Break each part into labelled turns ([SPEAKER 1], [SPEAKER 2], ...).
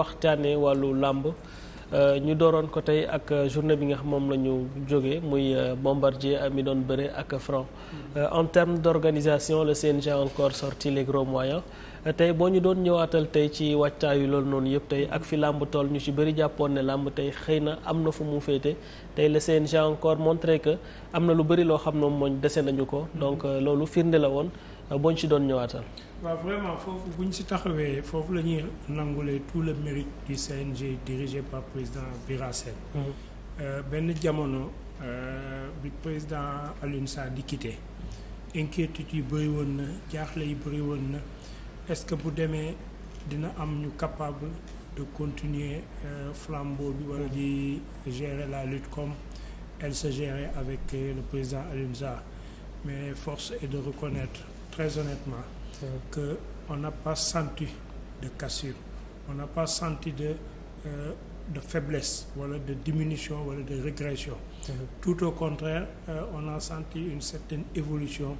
[SPEAKER 1] waxtaane wàllu làmb euh, ñu dooroon ko tey ak euh, journée bi nga xam moom la ñu jógee muy euh, bombardier ami doon bëre ak franc en termes d'organisation le seen a encore sorti les gros moyens tey boo ñu doon ñëwaatal tey ci wàccaayu loolu noonu yëpp tey ak fi làmb tool ñu ci bëri jàppoon ne làmb tey xëy na am na fu mu féete tey le CNG encore montré que am na lu bëri loo xam ne moom dese nañu ko donc mhm. euh, loolu firnde la woon euh, boo ñu ci doon ñëwaatal.
[SPEAKER 2] waaw vraiment foofu bu ñu si taxawee foofu la ñuy nangulee tout le mérite du CNG dirigé par président Bira mhm. euh, benn jamono bi président Alioune Sarr di quitté inquiétude yi bëri woon na jaaxle est-ce que bu demee dina am ñu capable de continuer euh, flambeau bi wala di gérer la lutte comme elle se gérait avec euh, le président Alioune Sarr mais force est de reconnaître très honnêtement que on n'a pas senti de cassure on n'a pas senti de euh, de faiblesse wala de diminution wala de régression tout au contraire euh, on a senti une certaine évolution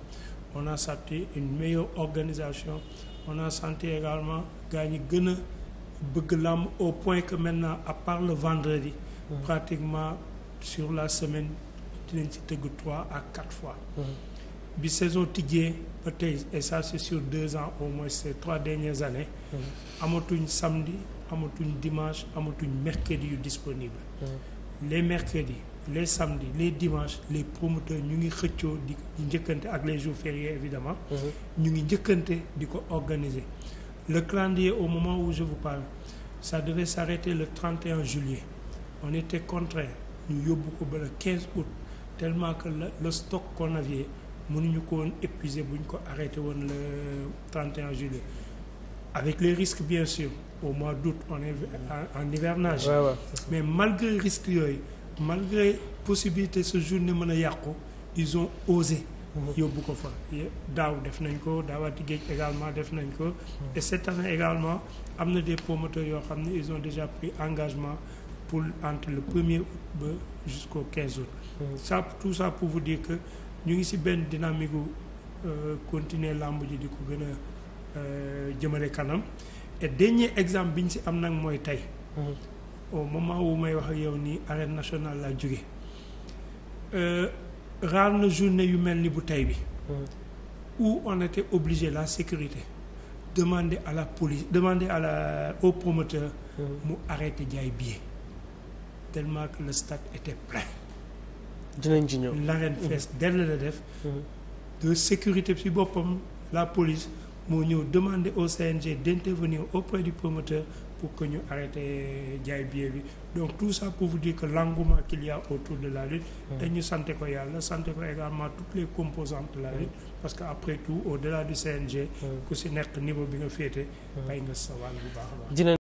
[SPEAKER 2] on a senti une meilleure organisation on a senti également gars ñi gën a bëgg làmb au point que maintenant à part le vendredi. Mm. pratiquement sur la semaine dinañ ci tëgg trois ak quatre fois. Mm. bi saison tijjee ba tey et ça sur deux ans au moins ces trois dernières année mm. amatuñ samedi amatuñ dimanche amatuñ mercredi yu disponible. les mercredis les samedis les dimanches les promoteurs ñu ngi xëccoo di jëkkante ak les jours fériés évidemment mhm. ñu ngi njëkkante di ko organiser le calendrier au moment ou je vous parle ça devait s'arrêter le 31 juillet on était contraint ñu yóbbu ko ba le quinze août tellement que le, le stock qu'on avait mënuñu ko woon épuiser bu ñu ko arrêté woon le 31 juillet avec les risques bien sûr au mois d'août on est en, en hivernage ouais, ouais, mais malgré risques yooyu malgré possibilité sa journée mën a yàqu ils ont osé mhm. yóbbu ko fa daaw def nañ ko daawaati géej également def nañ ko mhm. et cette année également am na des promoteurs yoo xam ne ils ont déjà pris engagement pour entre le premier août ba jusqu'au 15 août mhm. ça tout ça pour vous dire que ñu ngi ci benn dynamique gu euh, continuer làmb ji di ko gën a Euh, jëmale kanam et dernier exemple bi ñu si am nag mooy tey. Mhm. au moment wu may wax yow nii arène nationale laa jóge euh, raar na journée yu mel ni bu tey bi. Mhm. où on était obligé la sécurité demande à la police demander à la au promoteur. Mhm. mu arrêté jaay billet. tellement que le stade était plein. dinañ ci ñëw l'arène fees dell la def. de sécurité si boppam la police moo ñëw demander au CNG d'intervenir auprès du promoteur pour que ñu arrêté jaay billet bi donc tout ça pour vous dire que l'engouement qu'il autour de la lutte mm. te ñu sante ko yàlla sante ko également tout les composantes de la mm. lutte parce que après tout au-delà du CNG mm. ku si nekk niveau bi nga féete bay nga sawal bu baax a
[SPEAKER 1] baax